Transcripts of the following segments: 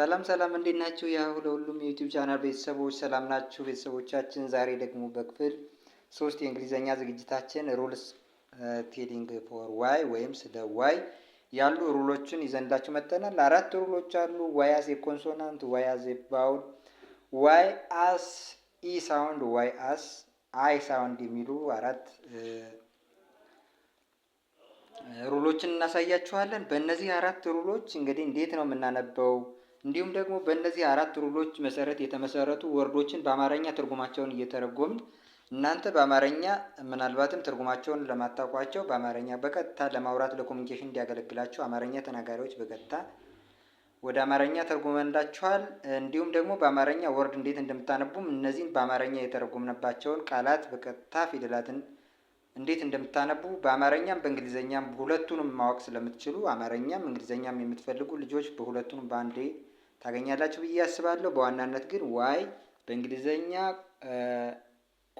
ሰላም ሰላም እንዴት ናችሁ? ያው ለሁሉም የዩቲዩብ ቻናል ቤተሰቦች ሰላም ናችሁ? ቤተሰቦቻችን ዛሬ ደግሞ በክፍል ሶስት የእንግሊዝኛ ዝግጅታችን ሩልስ ቴሊንግ ፎር ዋይ ወይም ስለ ዋይ ያሉ ሩሎችን ይዘንላችሁ መጥተናል። አራት ሩሎች አሉ። ዋይ አዝ ኮንሶናንት፣ ዋይ አዝ ቫውል፣ ዋይ አስ ኢ ሳውንድ፣ ዋይ አስ አይ ሳውንድ የሚሉ አራት ሩሎችን እናሳያችኋለን። በእነዚህ አራት ሩሎች እንግዲህ እንዴት ነው የምናነበው እንዲሁም ደግሞ በእነዚህ አራት ሩሎች መሰረት የተመሰረቱ ወርዶችን በአማርኛ ትርጉማቸውን እየተረጎምን እናንተ በአማርኛ ምናልባትም ትርጉማቸውን ለማታውቋቸው በአማርኛ በቀጥታ ለማውራት ለኮሚኒኬሽን እንዲያገለግላቸው አማርኛ ተናጋሪዎች በቀጥታ ወደ አማርኛ ተርጉመንላችኋል። እንዲሁም ደግሞ በአማርኛ ወርድ እንዴት እንደምታነቡም እነዚህን በአማርኛ የተረጎምንባቸውን ቃላት በቀጥታ ፊደላትን እንዴት እንደምታነቡ በአማርኛም በእንግሊዝኛም ሁለቱንም ማወቅ ስለምትችሉ አማርኛም እንግሊዝኛም የምትፈልጉ ልጆች በሁለቱንም በአንዴ ታገኛላችሁ ብዬ አስባለሁ። በዋናነት ግን ዋይ በእንግሊዘኛ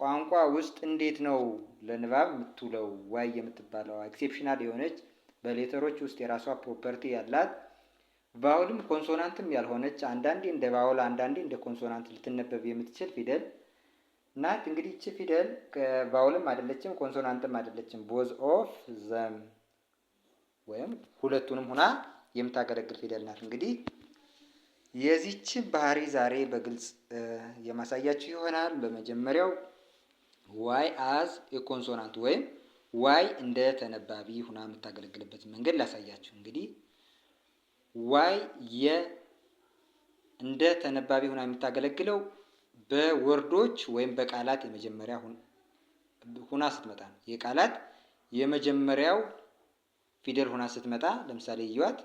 ቋንቋ ውስጥ እንዴት ነው ለንባብ የምትውለው ዋይ የምትባለው ኤክሴፕሽናል የሆነች በሌተሮች ውስጥ የራሷ ፕሮፐርቲ ያላት ቫውልም ኮንሶናንትም ያልሆነች አንዳንዴ እንደ ቫውል አንዳንዴ እንደ ኮንሶናንት ልትነበብ የምትችል ፊደል ናት። እንግዲህ ይቺ ፊደል ቫውልም አይደለችም፣ ኮንሶናንትም አይደለችም። ቦዝ ኦፍ ዘም ወይም ሁለቱንም ሁና የምታገለግል ፊደል ናት እንግዲህ የዚች ባህሪ ዛሬ በግልጽ የማሳያችሁ ይሆናል። በመጀመሪያው ዋይ አዝ የኮንሶናንት ወይም ዋይ እንደ ተነባቢ ሁና የምታገለግልበት መንገድ ላሳያችሁ። እንግዲህ ዋይ የ እንደ ተነባቢ ሁና የምታገለግለው በወርዶች ወይም በቃላት የመጀመሪያ ሁና ስትመጣ ነው። የቃላት የመጀመሪያው ፊደል ሁና ስትመጣ ለምሳሌ እዩዋት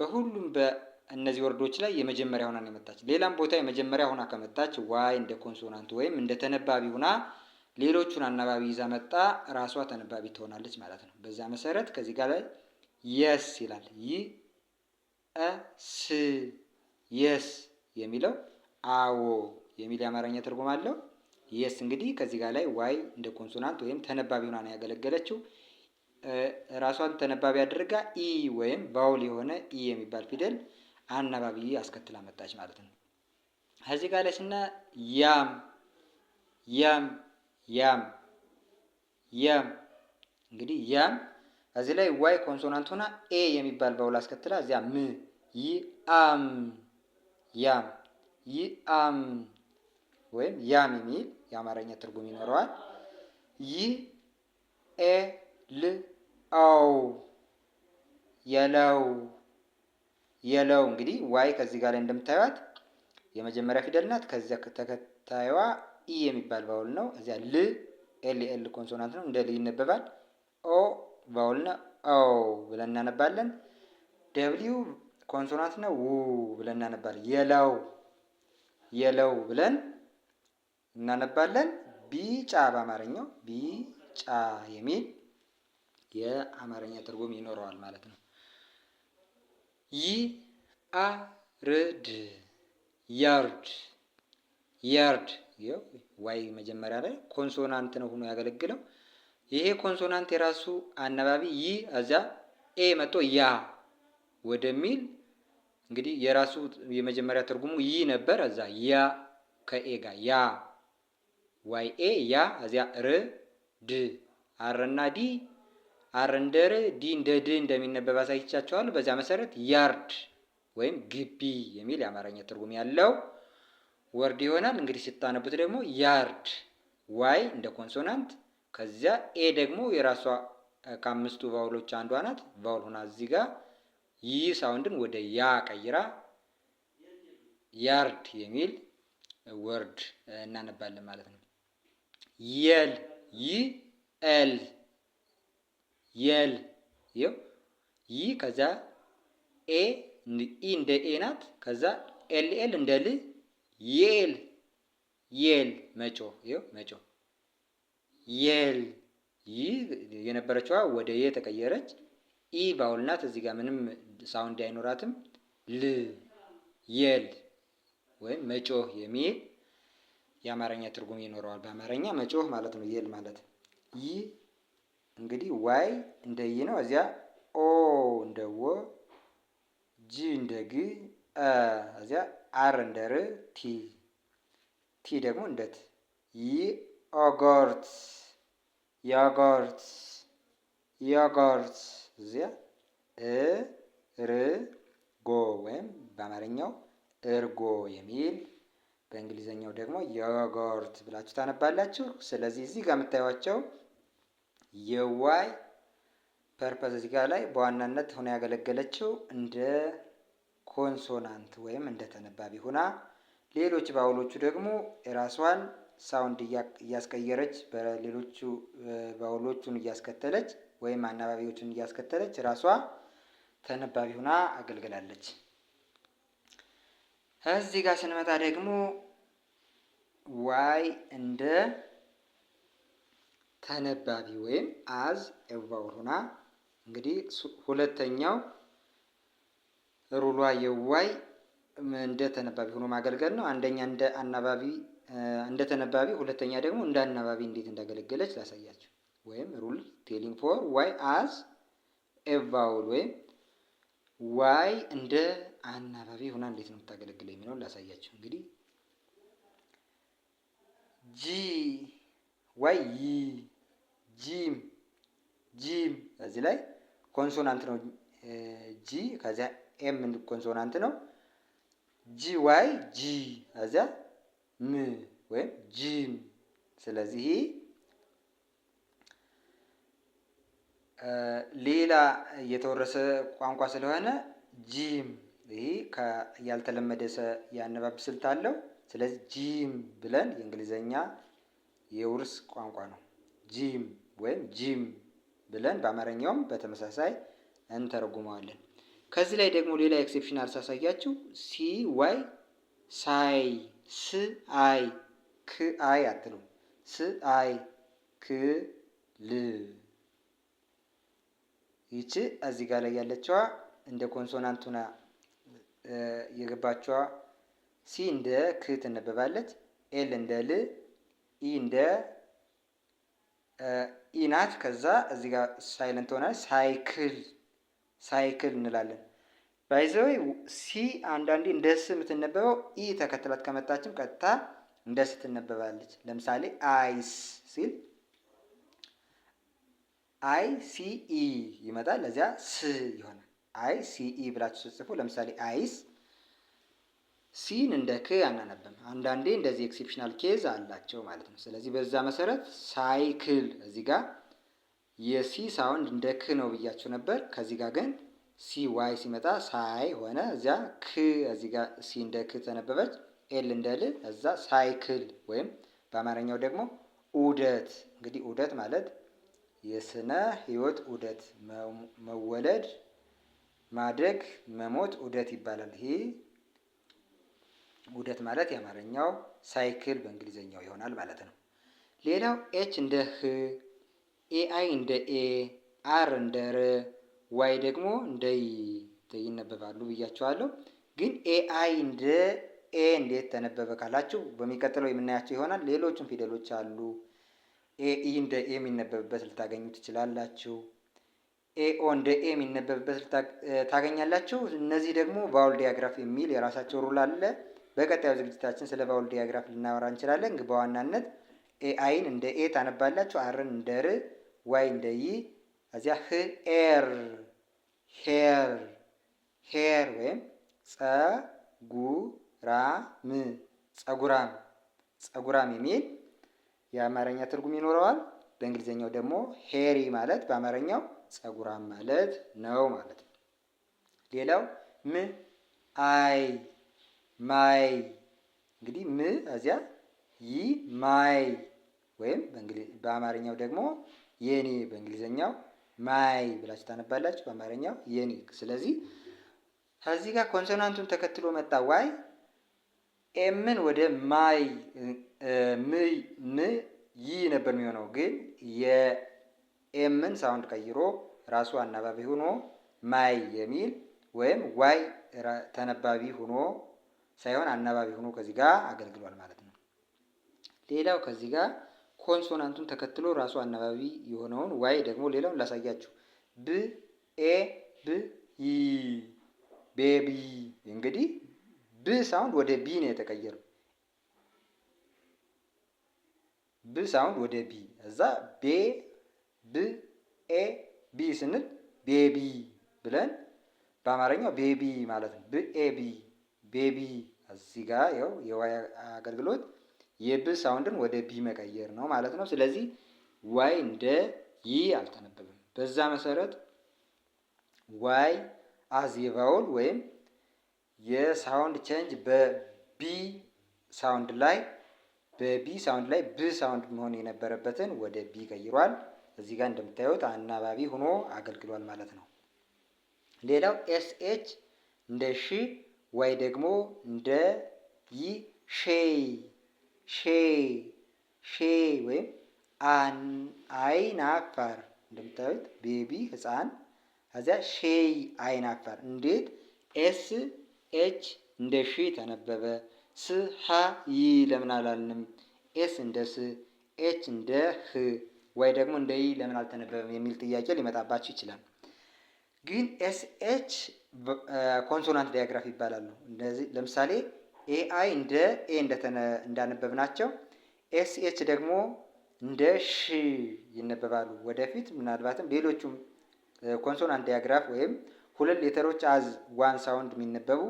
በሁሉም እነዚህ ወርዶች ላይ የመጀመሪያ ሆና ነው የመጣች። ሌላም ቦታ የመጀመሪያ ሆና ከመጣች ዋይ እንደ ኮንሶናንት ወይም እንደ ተነባቢ ሆና ሌሎቹን አናባቢ ይዛ መጣ፣ ራሷ ተነባቢ ትሆናለች ማለት ነው። በዛ መሰረት ከዚህ ጋር ላይ የስ ይላል። ይ ስ የስ የሚለው አዎ የሚል የአማርኛ ትርጉም አለው። የስ እንግዲህ ከዚህ ጋር ላይ ዋይ እንደ ኮንሶናንት ወይም ተነባቢ ሆና ነው ያገለገለችው። ራሷን ተነባቢ አድርጋ ኢ ወይም ባውል የሆነ ኢ የሚባል ፊደል አናባቢ አስከትላ መጣች ማለት ነው። ከዚህ ጋር ላይ ስና ያም ያም ያም ያም እንግዲህ ያም እዚህ ላይ ዋይ ኮንሶናንት ሆና ኤ የሚባል ባውል አስከትላ እዚያ ም አም ያም አም ወይም ያም የሚል የአማርኛ ትርጉም ይኖረዋል። ይ ኤ ል አው የለው የለው እንግዲህ ዋይ ከዚህ ጋር እንደምታዩት የመጀመሪያ ፊደል ናት። ከዚያ ተከታዩዋ ኢ የሚባል ባውል ነው። እዚያ ል ኤል ኤል ኮንሶናንት ነው፣ እንደ ል ይነበባል። ኦ ባውል ነው፣ ኦ ብለን እናነባለን። ደብሊው ኮንሶናንት ነው፣ ው ብለን እናነባለን። የለው የለው ብለን እናነባለን። ቢጫ በአማርኛው ቢጫ የሚል የአማርኛ ትርጉም ይኖረዋል ማለት ነው። ይአርድ ያርድ ያርድ ዋይ መጀመሪያ ላይ ኮንሶናንት ነው ሆኖ ያገለግለው። ይሄ ኮንሶናንት የራሱ አናባቢ ይ እዛ ኤ መጥቶ ያ ወደሚል እንግዲህ የራሱ የመጀመሪያ ትርጉሙ ይ ነበር። እዛ ያ ከኤ ጋር ያ ዋይ ኤ ያ እዚያ ር ድ አርና ዲ አር እንደ ር ዲ እንደ ድ እንደሚነበብ አሳይቻቸዋል። በዚያ መሰረት ያርድ ወይም ግቢ የሚል የአማርኛ ትርጉም ያለው ወርድ ይሆናል። እንግዲህ ስታነቡት ደግሞ ያርድ ዋይ እንደ ኮንሶናንት ከዚያ ኤ ደግሞ የራሷ ከአምስቱ ቫውሎች አንዷ ናት። ቫውል ሆና እዚህ ጋር ይህ ሳውንድን ወደ ያ ቀይራ ያርድ የሚል ወርድ እናነባለን ማለት ነው። የል ይ ኤል የል ይው ይ ከዛ ኤ ኢ እንደ ኤ ናት። ከዛ ኤል ኤል እንደ ል የል የል መጮ ይው መጮ የል ይህ የነበረችዋ ወደ የ ተቀየረች። ኢ ባውል ናት። እዚህ ጋር ምንም ሳውንድ አይኖራትም። ል የል ወይም መጮህ የሚል የአማርኛ ትርጉም ይኖረዋል። በአማርኛ መጮህ ማለት ነው። የል ማለት ይህ እንግዲህ ዋይ እንደ ይ ነው። እዚያ ኦ እንደ ወ፣ ጂ እንደ ግ፣ እዚያ አር እንደ ር፣ ቲ ቲ ደግሞ እንደ ት። ኦጎርት ዮጎርት ዮጎርት እዚያ እ ር ጎ ወይም በአማርኛው እርጎ የሚል በእንግሊዘኛው ደግሞ ዮጎርት ብላችሁ ታነባላችሁ። ስለዚህ እዚህ ጋር የምታዩቸው የዋይ ፐርፐዝ እዚህ ጋር ላይ በዋናነት ሆና ያገለገለችው እንደ ኮንሶናንት ወይም እንደ ተነባቢ ሆና ሌሎች ባውሎቹ ደግሞ የራሷን ሳውንድ እያስቀየረች በሌሎቹ ባውሎቹን እያስከተለች ወይም አናባቢዎቹን እያስከተለች ራሷ ተነባቢ ሆና አገልግላለች። እዚህ ጋር ስንመጣ ደግሞ ዋይ እንደ ተነባቢ ወይም አዝ ኤቫውል ሆና እንግዲህ ሁለተኛው ሩሏ የዋይ እንደ ተነባቢ ሆኖ ማገልገል ነው። አንደኛ እንደ አናባቢ እንደ ተነባቢ፣ ሁለተኛ ደግሞ እንደ አናባቢ እንዴት እንዳገለገለች ላሳያችሁ። ወይም ሩል ቴሊንግ ፎር ዋይ አዝ ኤቫውል ወይም ዋይ እንደ አናባቢ ሆና እንዴት ነው የምታገለግለው የሚለውን ላሳያችሁ። እንግዲህ ጂ ዋይ ይ ጂም ጂም እዚህ ላይ ኮንሶናንት ነው። ጂ ከዚያ ኤም ኮንሶናንት ነው። ጂ ዋይ ጂ ከዚያ ም ወይም ጂም። ስለዚህ ሌላ የተወረሰ ቋንቋ ስለሆነ ጂም ይህ ያልተለመደ የአነባብ ስልት አለው። ስለዚህ ጂም ብለን የእንግሊዘኛ የውርስ ቋንቋ ነው ጂም ወይም ጂም ብለን በአማርኛውም በተመሳሳይ እንተረጉመዋለን። ከዚህ ላይ ደግሞ ሌላ ኤክሴፕሽን አልሳሳያችሁ ሲ ዋይ ሳይ ስ አይ ክ አይ አትሉ ስ አይ ክ ል ይቺ እዚህ ጋር ላይ ያለችዋ እንደ ኮንሶናንቱና የገባችዋ ሲ እንደ ክ ትነበባለች። ኤል እንደ ል ኢ እንደ ኢ ናት። ከዛ እዚህ ጋር ሳይለንት ትሆናለች። ሳይክል ሳይክል እንላለን። ባይዘወይ ሲ አንዳንዴ እንደ ስ የምትነበበው ኢ ተከትላት ከመጣችም ቀጥታ እንደ ስ ትነበባለች። ለምሳሌ አይስ ሲል አይ ሲኢ ይመጣል። ለዚያ ስ ይሆናል። አይ ሲኢ ብላችሁ ስጽፉ ለምሳሌ አይስ ሲን እንደ ክ አናነብም። አንዳንዴ እንደዚህ ኤክሴፕሽናል ኬዝ አላቸው ማለት ነው። ስለዚህ በዛ መሰረት ሳይክል እዚህ ጋር የሲ ሳውንድ እንደ ክ ነው ብያቸው ነበር። ከዚህ ጋር ግን ሲ ዋይ ሲመጣ ሳይ ሆነ። እዚያ ክ እዚህ ጋር ሲ እንደ ክ ተነበበች፣ ኤል እንደ ል፣ እዛ ሳይክል ወይም በአማርኛው ደግሞ ዑደት። እንግዲህ ዑደት ማለት የስነ ህይወት ዑደት መወለድ፣ ማደግ፣ መሞት ዑደት ይባላል። ይሄ ጉደት ማለት የአማርኛው ሳይክል በእንግሊዘኛው ይሆናል ማለት ነው። ሌላው ኤች እንደ ህ፣ ኤአይ እንደ ኤ፣ አር እንደ ር፣ ዋይ ደግሞ እንደ ይነበባሉ ብያቸዋለሁ። ግን ኤአይ እንደ ኤ እንዴት ተነበበ ካላችሁ በሚቀጥለው የምናያቸው ይሆናል። ሌሎችም ፊደሎች አሉ። ኤኢ እንደ ኤ የሚነበብበት ልታገኙ ትችላላችሁ። ኤኦ እንደ ኤ የሚነበብበት ታገኛላችሁ። እነዚህ ደግሞ ቫውል ዲያግራፍ የሚል የራሳቸው ሩል አለ። በቀጣዩ ዝግጅታችን ስለ ቫውል ዲያግራፍ ልናወራ እንችላለን። በዋናነት ኤአይን እንደ ኤ ታነባላችሁ፣ አርን እንደ ር፣ ዋይ እንደ ይ፣ እዚያ ህ ኤር ሄር ሄር ወይም ጸጉራም ጸጉራም ጸጉራም የሚል የአማርኛ ትርጉም ይኖረዋል። በእንግሊዝኛው ደግሞ ሄሪ ማለት በአማርኛው ጸጉራም ማለት ነው ማለት ነው። ሌላው ም አይ ማይ እንግዲህ ም እዚያ ይ ማይ ወይም በአማርኛው ደግሞ የኔ በእንግሊዝኛው ማይ ብላችሁ ታነባላችሁ። በአማርኛው የኔ። ስለዚህ ከዚህ ጋር ኮንሶናንቱን ተከትሎ መጣ ዋይ። ኤምን ወደ ማይ ም ይ ነበር የሚሆነው፣ ግን የኤምን ሳውንድ ቀይሮ ራሱ አናባቢ ሆኖ ማይ የሚል ወይም ዋይ ተነባቢ ሆኖ ሳይሆን አናባቢ ሆኖ ከዚህ ጋር አገልግሏል ማለት ነው። ሌላው ከዚህ ጋር ኮንሶናንቱን ተከትሎ ራሱ አናባቢ የሆነውን ዋይ ደግሞ ሌላውን ላሳያችሁ። ብ ኤ ብ ይ ቤቢ። እንግዲህ ብ ሳውንድ ወደ ቢ ነው የተቀየረው። ብ ሳውንድ ወደ ቢ እዛ ቤ ብ ኤ ቢ ስንል ቤቢ ብለን በአማርኛው ቤቢ ማለት ነው። ብኤቢ ቤቢ እዚህ ጋር ያው የዋይ አገልግሎት የብ ሳውንድን ወደ ቢ መቀየር ነው ማለት ነው። ስለዚህ ዋይ እንደ ይ አልተነበበም። በዛ መሰረት ዋይ አዝ የቫውል ወይም የሳውንድ ቼንጅ በቢ ሳውንድ ላይ በቢ ሳውንድ ላይ ብ ሳውንድ መሆን የነበረበትን ወደ ቢ ቀይሯል። እዚህ ጋር እንደምታዩት አናባቢ ሆኖ አገልግሏል ማለት ነው። ሌላው ኤስኤች እንደ ሺ ዋይ ደግሞ እንደ ይ ሼ ሼይ ሼይ ወይም አይናፋር እንደምታዩት ቤቢ ህፃን ከዚያ ሼይ አይናፋር እንዴት ኤስ ኤች እንደ ሺ ተነበበ። ስ ሀ ይ ለምን አላልንም? ኤስ እንደ ስ ኤች እንደ ህ ዋይ ደግሞ እንደ ይ ለምን አልተነበበም የሚል ጥያቄ ሊመጣባችሁ ይችላል። ግን ኤስኤች ኮንሶናንት ዳያግራፍ ይባላሉ። እንደዚህ ለምሳሌ ኤአይ እንደ ኤ እንዳነበብ ናቸው። ኤስኤች ደግሞ እንደ ሺ ይነበባሉ። ወደፊት ምናልባትም ሌሎቹም ኮንሶናንት ዳያግራፍ ወይም ሁለት ሌተሮች አዝ ዋን ሳውንድ የሚነበቡ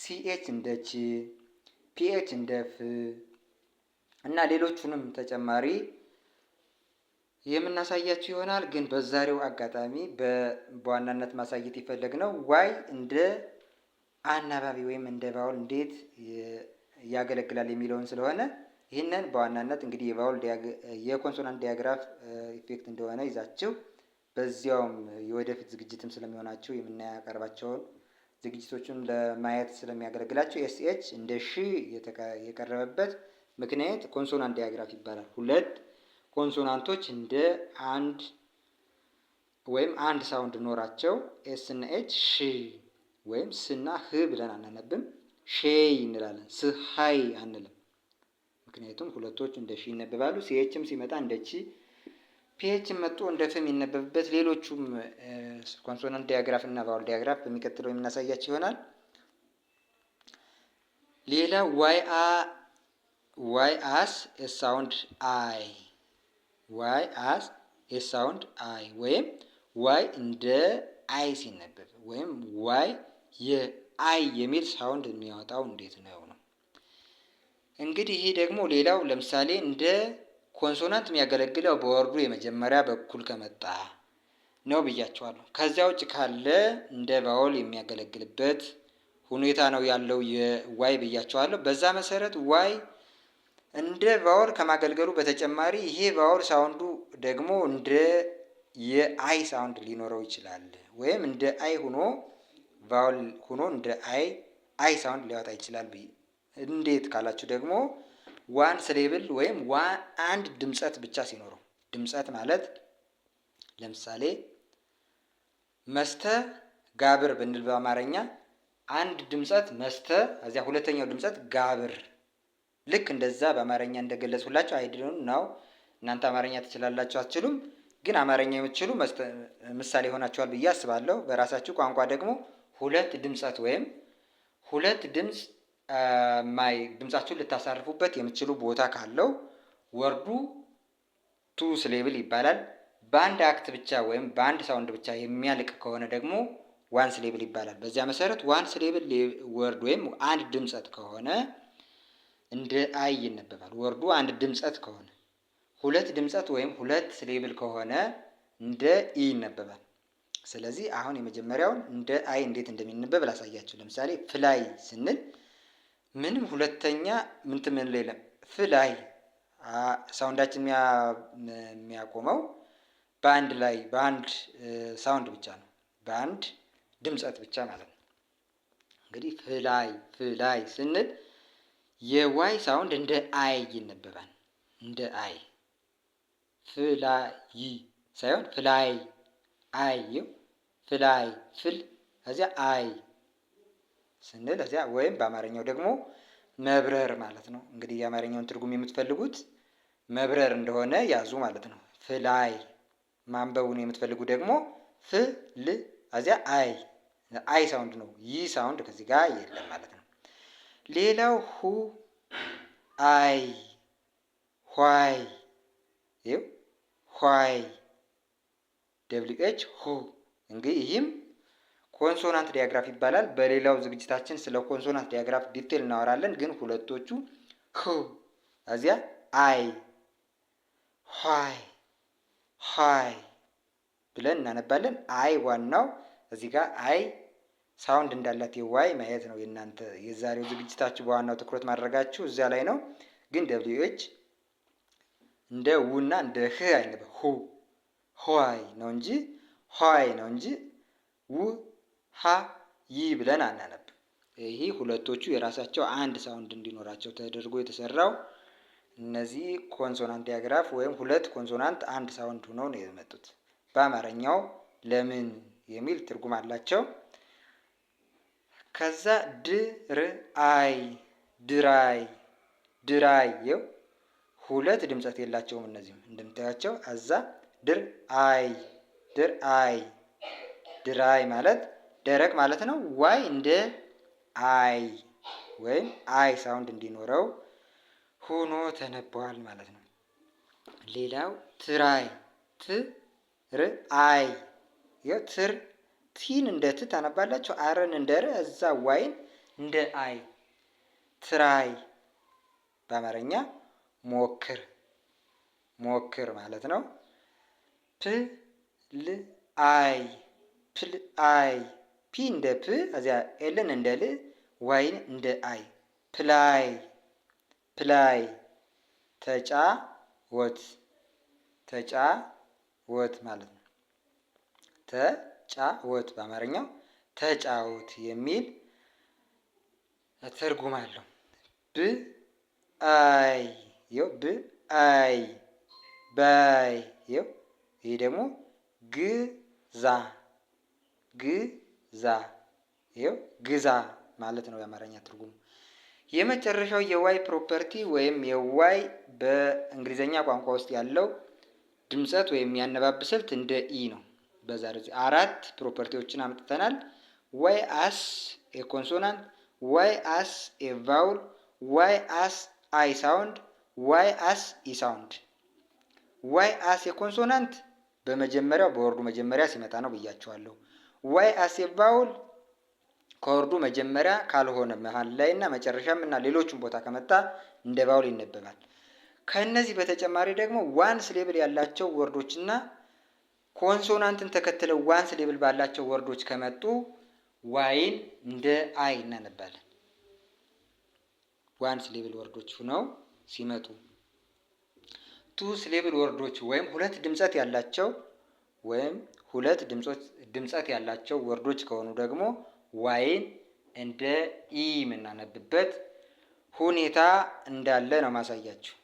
ሲኤች እንደ ቺ፣ ፒኤች እንደ ፍ እና ሌሎቹንም ተጨማሪ የምናሳያችሁ ይሆናል። ግን በዛሬው አጋጣሚ በዋናነት ማሳየት ነው ዋይ እንደ አናባቢ ወይም እንደ ባውል እንዴት ያገለግላል የሚለውን ስለሆነ ይህንን በዋናነት እንግዲህ የባውል የኮንሶናንት ዲያግራፍ ኢፌክት እንደሆነ ይዛችሁ በዚያውም የወደፊት ዝግጅትም ስለሚሆናችሁ የምናያቀርባቸውን ዝግጅቶቹን ለማየት ስለሚያገለግላቸው ኤስኤች እንደ ሺ የቀረበበት ምክንያት ኮንሶናንት ዲያግራፍ ይባላል። ሁለት ኮንሶናንቶች እንደ አንድ ወይም አንድ ሳውንድ ኖራቸው ኤስ እና ኤች ሺ ወይም ስና ህ ብለን አናነብም። ሼይ እንላለን። ስሀይ አንልም። ምክንያቱም ሁለቶቹ እንደ ሺ ይነበባሉ። ሲኤችም ሲመጣ እንደ ቺ፣ ፒኤችም መጥቶ እንደ ፍም ይነበብበት። ሌሎቹም ኮንሶናንት ዲያግራፍ እና ቫውል ዲያግራፍ በሚቀጥለው የምናሳያቸው ይሆናል። ሌላ ዋይ አ ዋይ አስ ሳውንድ አይ ዋይ አስ ኤ ሳውንድ አይ ወይም ዋይ እንደ አይ ሲነበብ ወይም ዋይ የአይ የሚል ሳውንድ የሚያወጣው እንዴት ነው ነው። እንግዲህ ይሄ ደግሞ ሌላው ለምሳሌ እንደ ኮንሶናንት የሚያገለግለው በወርዱ የመጀመሪያ በኩል ከመጣ ነው ብያቸዋለሁ። ከዚያ ውጭ ካለ እንደ ቫወል የሚያገለግልበት ሁኔታ ነው ያለው የዋይ ብያቸዋለሁ። በዛ መሰረት ዋይ እንደ ቫወር ከማገልገሉ በተጨማሪ ይሄ ቫወር ሳውንዱ ደግሞ እንደ የአይ ሳውንድ ሊኖረው ይችላል። ወይም እንደ አይ ሆኖ ቫውል ሆኖ እንደ አይ አይ ሳውንድ ሊያወጣ ይችላል። እንዴት ካላችሁ ደግሞ ዋን ስሌብል ወይም አንድ ድምጸት ብቻ ሲኖረው ድምጸት ማለት ለምሳሌ መስተ ጋብር ብንል በአማርኛ አንድ ድምጸት መስተ፣ እዚያ ሁለተኛው ድምጸት ጋብር ልክ እንደዛ በአማርኛ እንደገለጽሁላችሁ አይዶንት ነው። እናንተ አማርኛ ትችላላችሁ አትችሉም፣ ግን አማርኛ የምትችሉ ምሳሌ ሆናችኋል ብዬ አስባለሁ። በራሳችሁ ቋንቋ ደግሞ ሁለት ድምፀት ወይም ሁለት ድምፅ ማይ ድምፃችሁን ልታሳርፉበት የምትችሉ ቦታ ካለው ወርዱ ቱ ስሌብል ይባላል። በአንድ አክት ብቻ ወይም በአንድ ሳውንድ ብቻ የሚያልቅ ከሆነ ደግሞ ዋን ስሌብል ይባላል። በዚያ መሰረት ዋን ስሌብል ወርድ ወይም አንድ ድምፀት ከሆነ እንደ አይ ይነበባል። ወርዱ አንድ ድምፀት ከሆነ ሁለት ድምፀት ወይም ሁለት ሌብል ከሆነ እንደ ኢ ይነበባል። ስለዚህ አሁን የመጀመሪያውን እንደ አይ እንዴት እንደሚነበብ ላሳያችሁ። ለምሳሌ ፍላይ ስንል ምንም ሁለተኛ ምንት ምን ፍላይ ሳውንዳችን የሚያቆመው በአንድ ላይ በአንድ ሳውንድ ብቻ ነው፣ በአንድ ድምፀት ብቻ ማለት ነው። እንግዲህ ፍላይ ፍላይ ስንል የዋይ ሳውንድ እንደ አይ ይነበባል። እንደ አይ ፍላይ ሳይሆን ፍላይ አይ ፍላይ ፍል እዚያ አይ ስንል እዚያ ወይም በአማርኛው ደግሞ መብረር ማለት ነው። እንግዲህ የአማርኛውን ትርጉም የምትፈልጉት መብረር እንደሆነ ያዙ ማለት ነው። ፍላይ ማንበቡን የምትፈልጉ ደግሞ ፍል እዚያ አይ አይ ሳውንድ ነው። ይህ ሳውንድ ከዚህ ጋር የለም ማለት ነው። ሌላው ሁ አይ ኋይ ይው ኋይ ደብል ሁ እንግዲህ ይህም ኮንሶናንት ዲያግራፍ ይባላል። በሌላው ዝግጅታችን ስለ ኮንሶናንት ዲያግራፍ ዲቴል እናወራለን። ግን ሁለቶቹ ሁ እዚያ አይ ኋይ ኋይ ብለን እናነባለን። አይ ዋናው እዚህ ጋር አይ ሳውንድ እንዳላት የዋይ ማየት ነው የእናንተ የዛሬው ዝግጅታችሁ። በዋናው ትኩረት ማድረጋችሁ እዚያ ላይ ነው። ግን ደብሊው ኤች እንደ ውና እንደ ህ አይነበ ሁ ሆዋይ ነው እንጂ ሆዋይ ነው እንጂ ው ሀ ይ ብለን አናነብ። ይህ ሁለቶቹ የራሳቸው አንድ ሳውንድ እንዲኖራቸው ተደርጎ የተሰራው እነዚህ ኮንሶናንት ዲያግራፍ ወይም ሁለት ኮንሶናንት አንድ ሳውንድ ሆነው ነው የመጡት። በአማርኛው ለምን የሚል ትርጉም አላቸው። ከዛ ድርአይ ድራይ ድራይ ሁለት ድምፀት የላቸውም። እነዚህም እንደምታያቸው አዛ ድርአይ ድርአይ ድራይ ማለት ደረቅ ማለት ነው። ዋይ እንደ አይ ወይም አይ ሳውንድ እንዲኖረው ሆኖ ተነበዋል ማለት ነው። ሌላው ትራይ ትርአይ ትር ቲን እንደ ት ታነባላችሁ። አርን እንደ ር እዛ ዋይን እንደ አይ ትራይ በአማርኛ ሞክር ሞክር ማለት ነው። ፕል አይ ፕል አይ ፒ እንደ ፕ እዚያ ኤልን እንደ ል ዋይን እንደ አይ ፕላይ ፕላይ ተጫ ወት ተጫ ወት ማለት ነው። ተ ተጫወት በአማርኛው ተጫወት የሚል ትርጉም አለው። ብአይ ይኸው አይ ባይ ይኸው ይሄ ደግሞ ግዛ ግዛ ይኸው ግዛ ማለት ነው የአማርኛ ትርጉሙ። የመጨረሻው የዋይ ፕሮፐርቲ ወይም የዋይ በእንግሊዝኛ ቋንቋ ውስጥ ያለው ድምፀት ወይም ያነባብ ስልት እንደ ኢ ነው። በዛሬ አራት ፕሮፐርቲዎችን አምጥተናል። ዋይ አስ ኤ ኮንሶናንት፣ ዋይ አስ ኤ ቫውል፣ ዋይ አስ አይ ሳውንድ፣ ዋይ አስ ኢ ሳውንድ። ዋይ አስ ኤ ኮንሶናንት በመጀመሪያው በወርዱ መጀመሪያ ሲመጣ ነው ብያቸዋለሁ። ዋይ አስ ኤ ቫውል ከወርዱ መጀመሪያ ካልሆነ መሀል ላይ እና መጨረሻም እና ሌሎችም ቦታ ከመጣ እንደ ቫውል ይነበባል። ከእነዚህ በተጨማሪ ደግሞ ዋንስ ሌብል ያላቸው ወርዶችና ኮንሶናንትን ተከትለው ዋንስ ሌብል ባላቸው ወርዶች ከመጡ ዋይን እንደ አይ እናነባለን። ዋንስ ሌብል ወርዶች ሁነው ሲመጡ ቱ ሌብል ወርዶች ወይም ሁለት ድምጸት ያላቸው ወይም ሁለት ድምጸት ያላቸው ወርዶች ከሆኑ ደግሞ ዋይን እንደ ኢ የምናነብበት ሁኔታ እንዳለ ነው ማሳያችሁ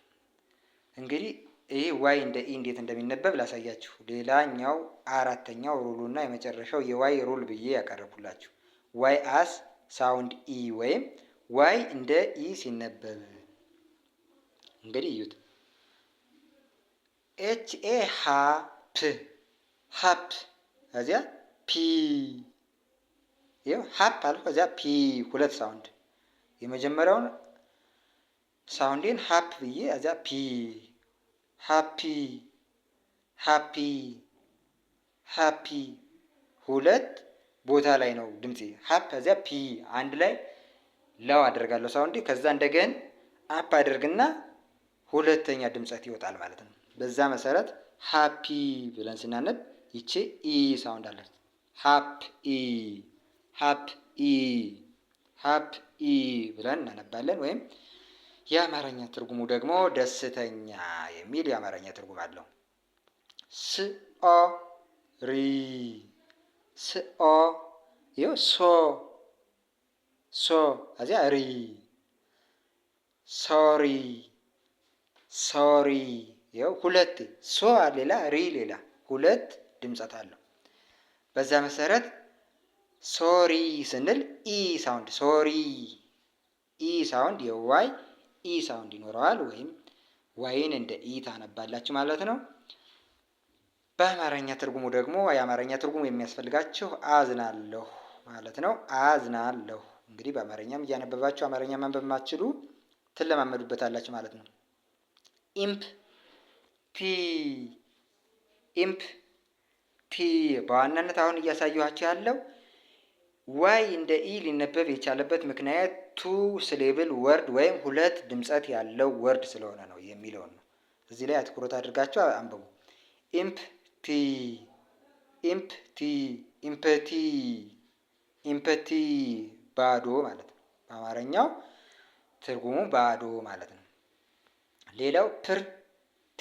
እንግዲህ ይህ ዋይ እንደ ኢ እንዴት እንደሚነበብ ላሳያችሁ። ሌላኛው አራተኛው ሩሉ እና የመጨረሻው የዋይ ሩል ብዬ ያቀረብኩላችሁ ዋይ አስ ሳውንድ ኢ ወይም ዋይ እንደ ኢ ሲነበብ እንግዲህ እዩት። ኤች ኤ ሀ ፕ ሀፕ ከዚያ ፒ ይኸው ሀፕ አልኩ። ከዚያ ፒ ሁለት ሳውንድ የመጀመሪያውን ሳውንዴን ሀፕ ብዬ ከዚያ ፒ ሃፒ ሃፒ ሃፒ ሁለት ቦታ ላይ ነው ድምፄ ሀፕ ከዚያ ፒ አንድ ላይ ለው አደርጋለሁ ሳውንዴ ከዛ እንደገን አፕ አደርግና ሁለተኛ ድምፀት ይወጣል ማለት ነው። በዛ መሰረት ሃፒ ብለን ስናነብ ይቺ ኢ ሳውንድ አለች። ሃፕ ኢ ሃፕ ኢ ሃፕ ኢ ብለን እናነባለን ወይም የአማርኛ ትርጉሙ ደግሞ ደስተኛ የሚል የአማርኛ ትርጉም አለው። ስኦ ሪ ስኦ ዮ ሶ ሶ እዚያ ሪ ሶሪ ሶሪ ይኸው ሁለት ሶ ሌላ ሪ ሌላ ሁለት ድምጸት አለው። በዛ መሰረት ሶሪ ስንል ኢ ሳውንድ ሶሪ ኢ ሳውንድ የዋይ ኢ ሳውንድ ይኖረዋል። ወይም ዋይን እንደ ኢ ታነባላችሁ ማለት ነው። በአማርኛ ትርጉሙ ደግሞ የአማርኛ ትርጉሙ የሚያስፈልጋችሁ አዝናለሁ ማለት ነው። አዝናለሁ እንግዲህ በአማርኛም እያነበባችሁ አማርኛ ማንበብ ማትችሉ ትለማመዱበታላችሁ ማለት ነው። ኢምፕ ፒ ኢምፕ ፒ በዋናነት አሁን እያሳየኋቸው ያለው ዋይ እንደ ኢ ሊነበብ የቻለበት ምክንያት ቱ ስሌብል ወርድ ወይም ሁለት ድምፀት ያለው ወርድ ስለሆነ ነው የሚለውን ነው። እዚህ ላይ አትኩሮት አድርጋቸው አንብቡ። ኢምፕቲ ኢምፕቲ ኢምፕቲ ኢምፕቲ ባዶ ማለት ነው። በአማርኛው ትርጉሙ ባዶ ማለት ነው። ሌላው ፕርቲ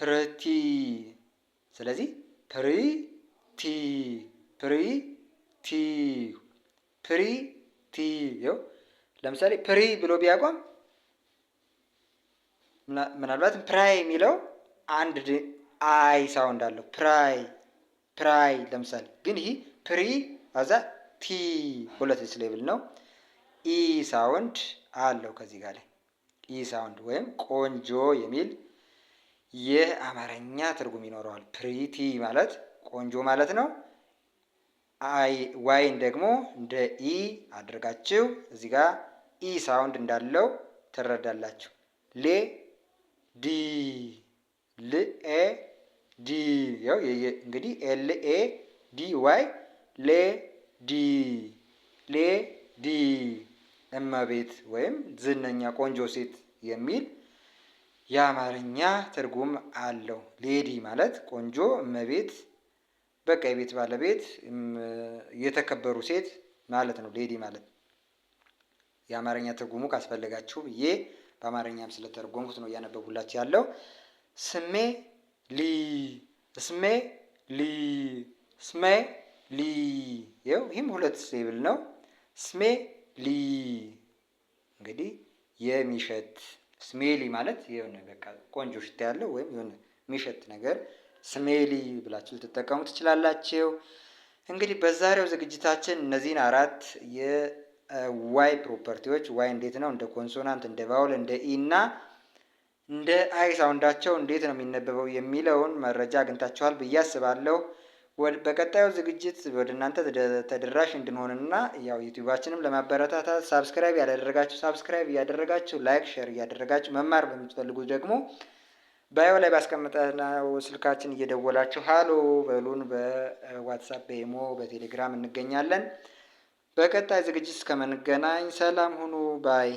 ፕርቲ ስለዚህ ፕሪቲ ፕሪ ቲ ፕሪ ቲ ው ለምሳሌ ፕሪ ብሎ ቢያቆም ምናልባትም ፕራይ የሚለው አንድ አይ ሳውንድ አለው። ፕራይ ፕራይ ለምሳሌ ግን ይህ ፕሪ አዛ ቲ ሁለት ስሌብል ነው። ኢ ሳውንድ አለው ከዚህ ጋር ላይ ኢ ሳውንድ ወይም ቆንጆ የሚል የአማርኛ ትርጉም ይኖረዋል። ፕሪቲ ማለት ቆንጆ ማለት ነው። አይ ዋይን ደግሞ እንደ ኢ አድርጋችሁ እዚህ ጋር ኢ ሳውንድ እንዳለው ትረዳላችሁ። ሌ ዲ ል ኤ ዲ ያው እንግዲህ ኤል ኤ ዲ ዋይ ሌ ዲ ሌ ዲ እመቤት ወይም ዝነኛ ቆንጆ ሴት የሚል የአማርኛ ትርጉም አለው። ሌዲ ማለት ቆንጆ እመቤት በቃ የቤት ባለቤት የተከበሩ ሴት ማለት ነው። ሌዲ ማለት የአማርኛ ትርጉሙ ካስፈለጋችሁ ብዬ በአማርኛም ስለተረጎምኩት ነው እያነበቡላችሁ ያለው። ስሜ ሊ ስሜ ሊ ስሜ ሊ ይኸው፣ ይህም ሁለት ሴብል ነው። ስሜ ሊ እንግዲህ የሚሸት ስሜሊ ማለት የሆነ በቃ ቆንጆ ሽታ ያለው ወይም የሆነ የሚሸት ነገር ስሜሊ ብላችሁ ልትጠቀሙ ትችላላችሁ። እንግዲህ በዛሬው ዝግጅታችን እነዚህን አራት የዋይ ፕሮፐርቲዎች ዋይ እንዴት ነው እንደ ኮንሶናንት፣ እንደ ቫውል፣ እንደ ኢ እና እንደ አይ ሳውንዳቸው እንዴት ነው የሚነበበው የሚለውን መረጃ አግኝታችኋል ብዬ አስባለሁ። በቀጣዩ ዝግጅት ወደ እናንተ ተደራሽ እንድንሆንና ያው ዩቲዩባችንም ለማበረታታት ሳብስክራይብ ያላደረጋችሁ ሳብስክራይብ እያደረጋችሁ ላይክ፣ ሼር እያደረጋችሁ መማር በምትፈልጉት ደግሞ ባዮ ላይ ባስቀምጠነው ስልካችን እየደወላችሁ ሀሎ በሉን። በዋትሳፕ፣ በኢሞ፣ በቴሌግራም እንገኛለን። በቀጣይ ዝግጅት እስከምንገናኝ ሰላም ሁኑ ባይ